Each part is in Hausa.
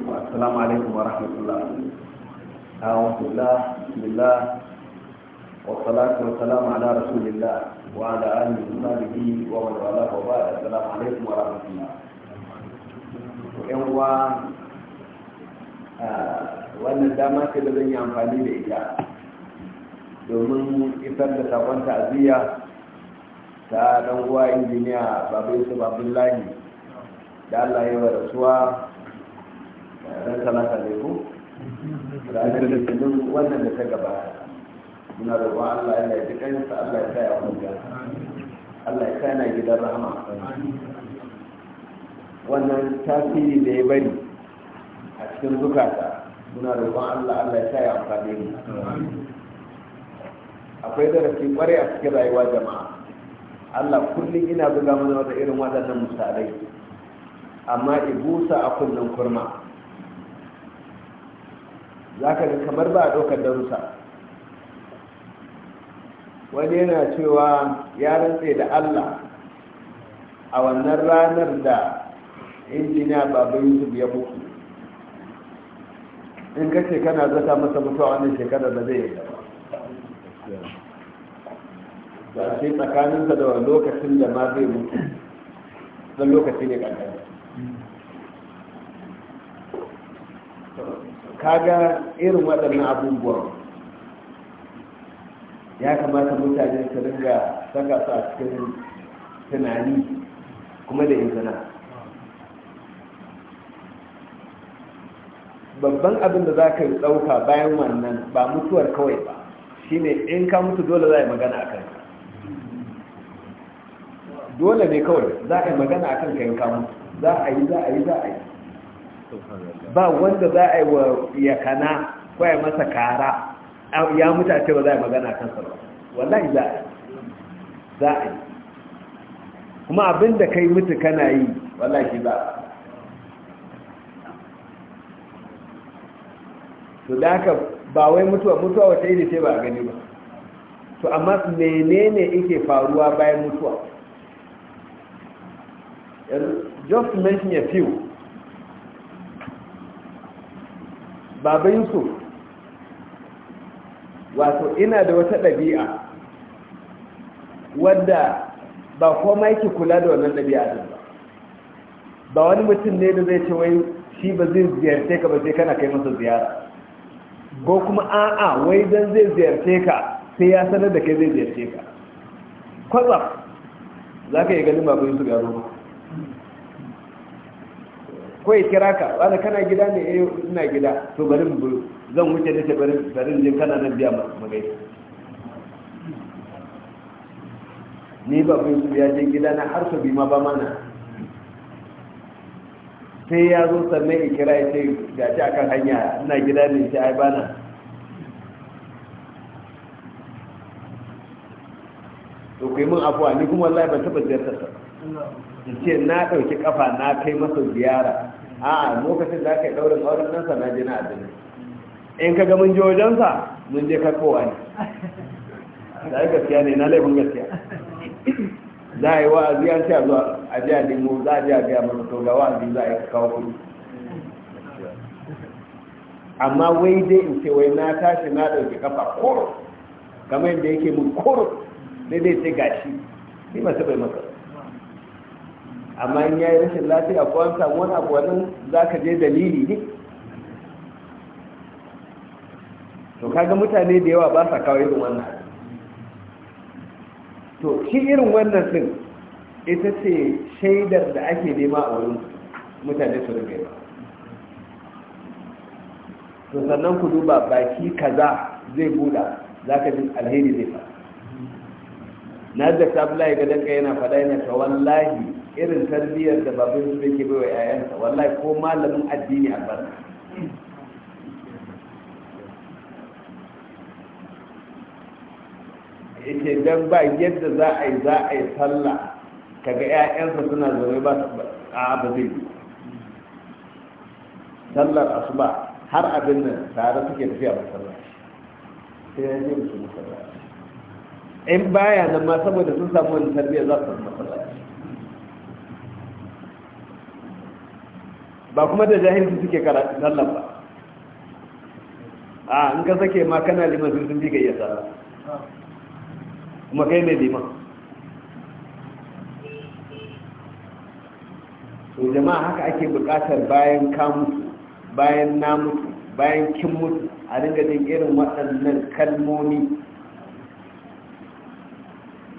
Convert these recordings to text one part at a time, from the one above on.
السلام عليكم ورحمة الله أعوذ بالله بسم الله والصلاة والسلام على رسول الله وعلى آله وصحبه ومن والاه وبعد السلام عليكم ورحمة الله yanwa wannan dama ce da zan yi amfani da ita domin isar da sakon ta'aziyya ta dan uwa injiniya babu yusuf abdullahi da allah yi wa rasuwa ran talata ne ko ranar litinin wannan da ta gaba muna roƙon allah ya yi dukansa allah ya sa ya hujja allah ya sa gidan rahama wannan tasiri da ya bari a cikin zukata muna roƙon allah allah ya sa ya amfani mu akwai darasi kwarai a cikin rayuwa jama'a allah kullum ina buga mana wata irin waɗannan misalai amma ibusa a kullum kurma zaka ka ga kamar ba a ɗaukar darussa wani yana cewa ya rantse da allah a wannan ranar da injiniya Baba yusuf ya mutu in ka ce kana zata masa mutuwa wannan shekarar da zai yi ba shi tsakaninsa da lokacin da ma zai mutu don lokaci ya ƙanƙani kaga irin waɗannan abubuwan ya kamata mutane su ringa saka su a cikin tunani kuma da izina babban abin da za ka yi ɗauka bayan wannan ba mutuwar kawai ba shine in ka mutu dole za a yi magana a kanka dole ne kawai za a yi magana a kanka in ka mutu za a yi za a yi za a yi ba wanda za a yi wa yakana ko ya masa kara ya mutu a ce ba za a yi magana kansa ba wallahi za a yi za a yi kuma abin da kai mutu kana yi wallahi ba a to da haka ba wai mutuwa mutuwa wata iri ce ba a gani ba to amma menene ike faruwa bayan mutuwa just mention a few baba yusuf wato ina da wata ɗabi'a wanda ba koma yake kula da wannan ɗabi'a din ba ba wani mutum ne da zai ce wai shi ba zai ziyarce ka ba sai kana kai masa ziyara ko kuma a'a wai dan zai ziyarce ka sai ya sanar da kai zai ziyarce ka kwatsam za ka yi ganin babu yusuf ya ko ya kira ka wanda kana gida ne eh ina gida to bari mu zan wuce da bari bari ne kana nan biya magai ni ba bin su ya je gida na har su bi ma ba mana sai ya zo sannan ya kira ya ce ga ci akan hanya ina gida ne ce ai bana to kai mun afuwa ni kuma wallahi ban taba ziyartar ba in ce na ɗauki ƙafa na kai masa ziyara a lokacin da aka yi ɗaurin ɗaurin nan sa na je na abin in ka ga mun je wajensa mun je karkowa ne da gaskiya ne na laifin gaskiya za a yi wa an ce a zuwa a ji a nemo za a ji a biya masa to ga aziya za a yi kawo kuɗi amma wai dai in ce wai na tashi na ɗauki kafa koro kamar yadda yake mun koro daidai ce gashi ni masu bai masa amma in yayi rashin lafiya ko an samu wani abu wannan ka je dalili ne to kaga mutane da yawa ba sa kawo irin wannan to shi irin wannan din ita ce shaidar da ake nema a wurin mutane su rufe ba to sannan ku duba baki kaza zai buɗa za ka ji alheri zai fa na da tabla ya ga ka yana faɗa yana ta wallahi irin tarbiyyar da babin su yake bai wa 'ya'yansa wallahi ko malamin addini bar yake dan ba yadda za a yi za a yi sallah kaga 'ya'yansa suna zaune ba a ba zai yi sallar asuba har abin nan tare suke tafiya ba sallah sai ya je musu masallaci in baya nan ma saboda sun samu wani tarbiyyar za su masallaci ba kuma da jahilci suke karatu sallan ba a in ka sake ma kana liman sun bi ka iya kuma kai ne liman to jama'a haka ake buƙatar bayan ka mutu bayan na mutu bayan kin mutu a dinga jin irin waɗannan kalmomi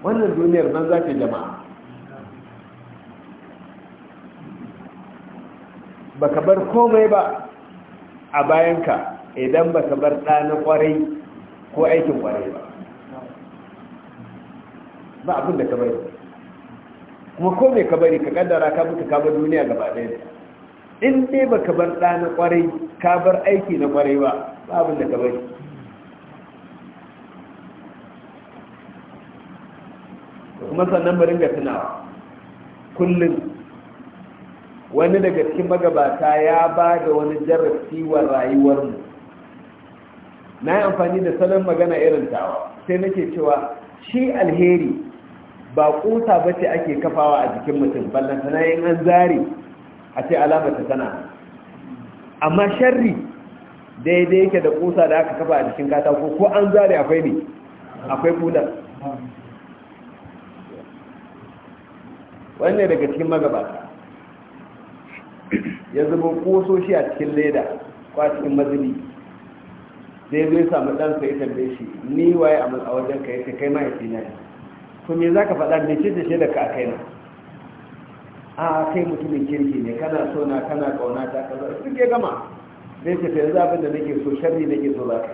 wannan duniyar nan za ta jama'a baka bar komai ba a bayanka idan baka bar ɗanin ƙwarai ko aikin ƙwarai ba ba abin da ka bari kuma ko mai ka bari ka ƙaddara ka mutu ka bar duniya gaba ɗaya in dai baka bar ɗanin ƙwarai ka bar aiki na ƙwarai ba ba abin da ka bari kuma sannan bari ga tunawa kullum wani daga cikin magabata ya ba da wani jarrafi wa rayuwarmu na yi amfani da salon magana irin tawa sai nake cewa shi alheri ba kusa ba ce ake kafawa a jikin mutum tana yin an zari a ce alamata tana amma sharri daidai yake da kusa da aka kafa a jikin katako ko an zari akwai ne akwai kudar wannan daga cikin magabata ya zuba shi a cikin leda kwa cikin mazini sai zai samu ɗansa sai tambaye shi ni waye a wajen ka yake kai mahaifi na ne to me za ka faɗa ne ce da shaida ka kai na a kai mutumin kirki ne kana so na kana kauna ta kaza duk ya gama zai ce yanzu abin da nake so sharri nake so za ka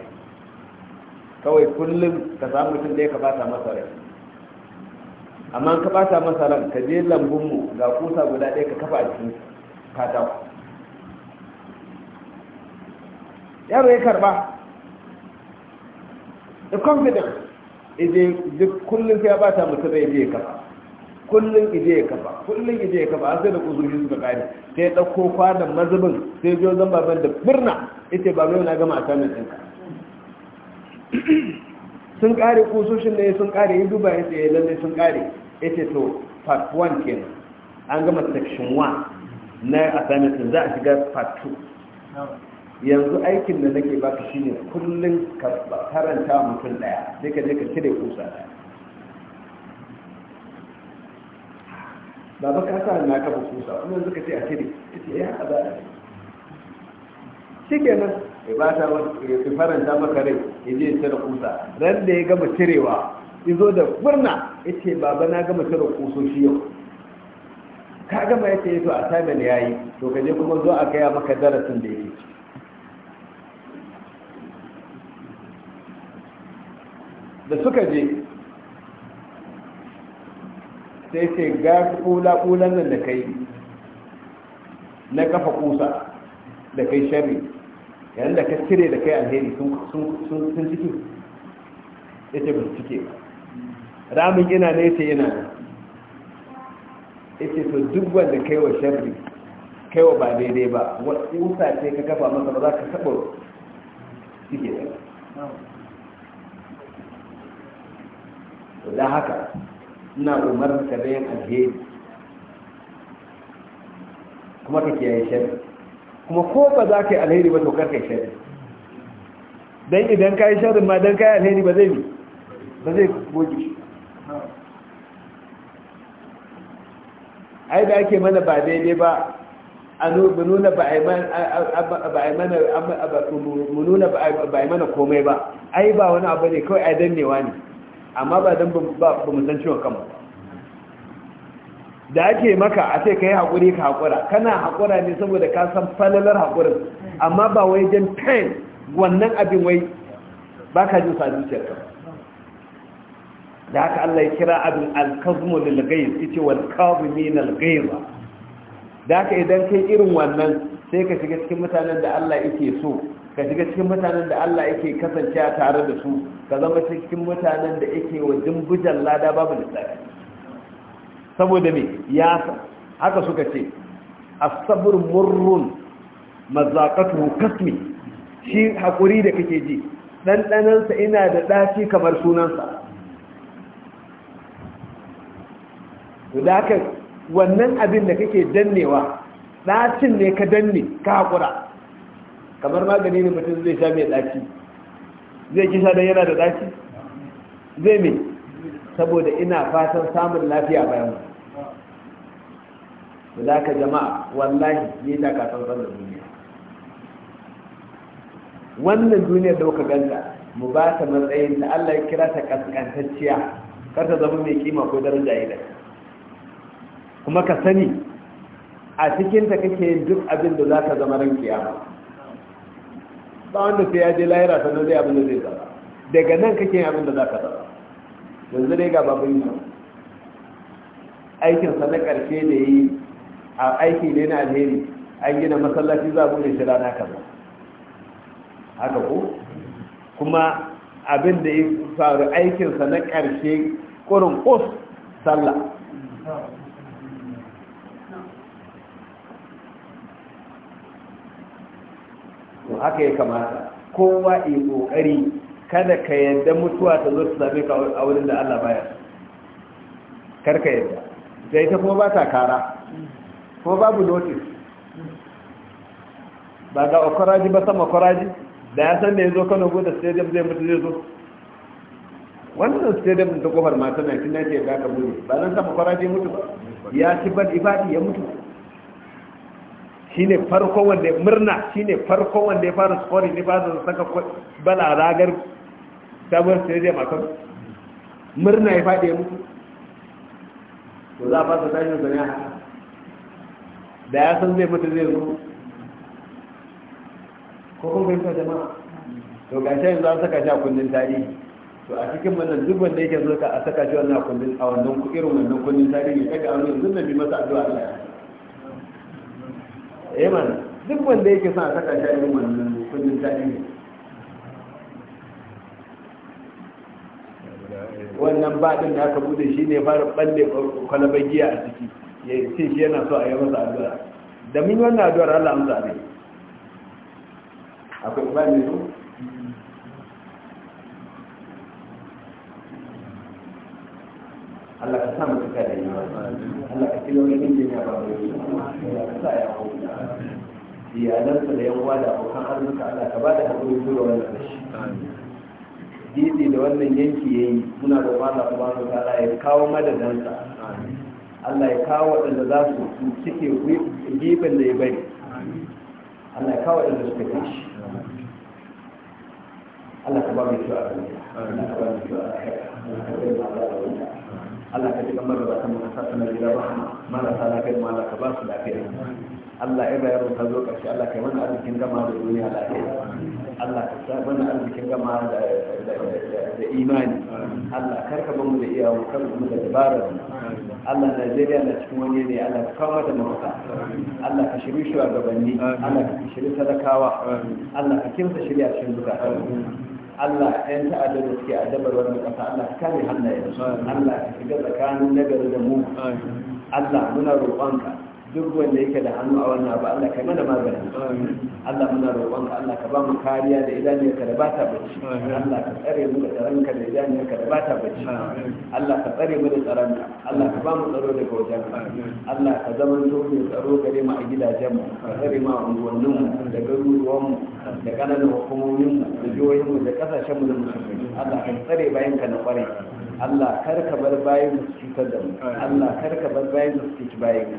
kawai kullum ka samu mutum ɗaya ka bata masa rai amma ka bata masa ran ka je lambunmu ga kusa guda ɗaya ka kafa a cikin katako yaro ya karba the confidence ije duk kullum sai ya bata mutum da ije ya kafa kullum ije ya kafa kullum ije ya kafa an sai da kuzuri suka kare sai da ɗauko kwanan mazubin sai biyo zan baban da birna ita ba nuna gama a samun ɗinka sun kare kusoshin ne sun kare ya duba ya tsaye eh, lalle sun kare ita to part 1 kenan an gama section 1 na assignment din za a shiga part 2 yanzu aikin da nake baka shine kullun ka karanta mutum daya sai ka je ka cire kusa ba baba ka sa na kafa kusa kuma yanzu ka ce a cire kace ya haɗa da shikenan ya ba ta ya faranta maka rai ya je cire kusa ran da ya gama cirewa izo da murna yace baba na gama cire kusoshi yau ka gama yace ce to a samun ya yi to kaje kuma zo a kai maka darasin da yake da suka je sai ce ga kula-kulan nan da kai na kafa kusa da kai shari yayin da ka cire da kai alheri sun ciki cike yace ba su cike ramin ina ne ce yana yace to duk wanda kai wa sharri kai wa ba daidai ba wata ce ka kafa masa ba za ka saba suke da da haka ina umar ka da yin alheri kuma ka kiyaye sharri kuma ko ba za ka yi alheri ba to kar ka yi sharri dan idan ka yi sharri ma dan ka yi alheri ba zai bi ba zai goge shi ai da ake mana ba daidai ba a nuna ba a yi mana komai ba ai ba wani abu ne kawai a dannewa ne amma ba don ba mu san ciwon kama da ake maka a sai ka yi haƙuri ka haƙura kana haƙura ne saboda ka san falalar haƙurin amma ba wai jan pain wannan abin wai ba ka jin sa zuciyar kama da haka Allah ya kira abin alkazmu lil ghaiz yace wal kazimin al ghaiza da haka idan kai irin wannan sai ka shiga cikin mutanen da Allah yake so ka shiga cikin mutanen da Allah yake kasance tare da su ka zama cikin mutanen da yake wa dimbujan lada babu lissafi saboda me ya haka suka ce as-sabr murrun mazaqatu kasmi shi hakuri da kake ji dan danansa ina da daci kamar sunansa to da haka wannan abin da kake dannewa ɗacin ne ka danne ka haƙura kamar magani ne mutum zai sha mai ɗaci zai kisha don yana da ɗaci zai mai saboda ina fatan samun lafiya bayan mu da haka jama'a wallahi ne da kasan da duniya wannan duniyar da kuka ganta mu ba ta matsayin da Allah ya kira ta kaskantacciya kar ta zama mai kima ko daraja idan kuma ka sani a cikinta kake yin duk abin da za ka zama ran kiyama ba wanda sai ya je lahira sannan zai abin da zai zama daga nan kake yin abin da za ka zama yanzu dai ga babin yi aikinsa na ƙarshe da yi a aiki ne na alheri an gina masallaci za a bude shi rana kaza haka ko kuma abin da ya faru aikinsa na ƙarshe ƙurin ƙus sallah haka ya kamata kowa yi kokari kada ka yadda mutuwa ta zo ta same ka a wurin da Allah baya kar ka yadda Sai ta kuma ba ta kara ko babu notice ba ga okoraji ba sama okoraji da ya san da ya zo kano gudu stadium zai mutu zai zo wannan stadium ta kofar mata 1998 da aka buɗe ba zan sama okoraji mutu ba ya ci ban ibadi ya mutu shine farko wanda murna shine farko wanda ya fara scoring ne ba da saka bala ragar sabuwar stadium makon murna ya fadi mutu to za a fasa tashi da ne da ya san zai mutu zai zo ko kuma ta jama'a to ga shi za a saka shi a kundin tarihi to a cikin wannan duk wanda yake zo ka a saka shi wannan kundin a wannan irin wannan kundin tarihi kaga an yanzu na bi masa addu'a Allah eh mana duk wanda yake sa saka shi irin wannan kudin tarihi wannan baɗin da aka bude shi ne fara balle kwalabar giya a ciki ya ce shi yana so a yi masa addu'a da min wannan addu'ar Allah amsa ne akwai ba ne Allah ka samu cika da yi Allah ka kilo yin ya ba mai yi Allah ka sa ya hau iyalansa da yan da abokan arzika Allah ka ba da haƙuri zuwa wannan rashi gidi da wannan yanki yayi muna da Allah subhanahu wa ta'ala ya kawo madadansa Allah ya kawo waɗanda za su cike gefen da ya bari Allah ya kawo waɗanda suka kai shi Allah ka ba mu shi a Allah ka ba mu shi a Allah ka ba mu shi a Allah ka ji kamar da kan sa sanar gida rahama marasa lafiya ma Allah ka ba su lafiya Allah ya bayar ta zo karshe Allah kai mana arzikin gama da duniya lafiya Allah ka sa mana arzikin gama da da imani Allah kar ka bamu da iyawo kar mu da dabara Allah Najeriya na cikin wani ne Allah ka kawo da mafaka Allah ka shiri gabanni Allah ka shiri sadakawa. Allah ka kimsa shirya cikin duka Allah ɗan ta'addar da suke addabar wannan ƙasa Allah ka kare hannayen Allah ka shiga tsakanin nagari da mu Allah muna roƙonka duk wanda yake da hannu a wannan abu. Allah kai mana magani Allah muna roƙon ka Allah ka ba mu kariya da idaniyarka da ba ta bacci Allah ka tsare mu da tsaronka da idaniyarka da ba ta bacci Allah ka tsare mu da tsaronka Allah ka ba mu tsaro daga wajen Allah ka zama to mu tsaro gare mu a gidajen mu ka tsare mu a unguwannin mu da garuruwan mu da kananan hukumomin mu da jihohin mu da kasashen mu da musulmi Allah ka tsare bayan ka na kware. Allah kar ka bar bayan su cutar da mu Allah kar ka bar bayan su cuci bayan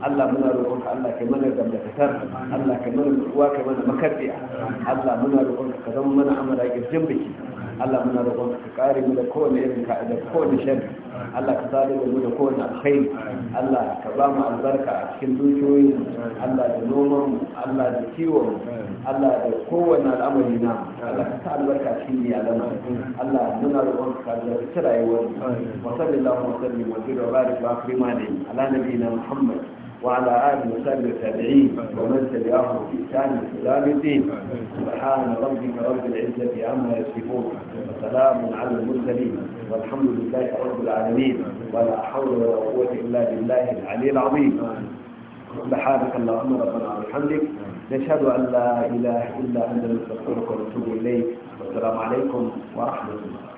Allah muna roƙon ka Allah kai mana da mutakar Allah kai mana ruwa kai mana makarfiya Allah muna roƙon ka ka zama mana amara girjin biki Allah muna roƙon ka kare mu da kowane irin ka da kowane sharri Allah ka sadar da mu da kowane alkhairi Allah ka ba mu albarka a cikin dukiyoyi Allah da noman Allah da kiwon Allah da kowane al'amari na Allah ka sa albarka a cikin iyalan Allah muna roƙon ka da rayuwar wa sallallahu wa sallim wa jira wa barik wa akrimani ala nabiyina Muhammad وعلى آل وسلم التابعين ومن تبعهم في إحسان إسلام الدين سبحان ربك رب العزة عما يصفون وسلام على المرسلين والحمد لله رب العالمين ولا حول ولا قوة إلا بالله العلي العظيم سبحانك اللهم ربنا وبحمدك نشهد أن لا إله إلا أنت نستغفرك ونتوب إليك والسلام عليكم ورحمة الله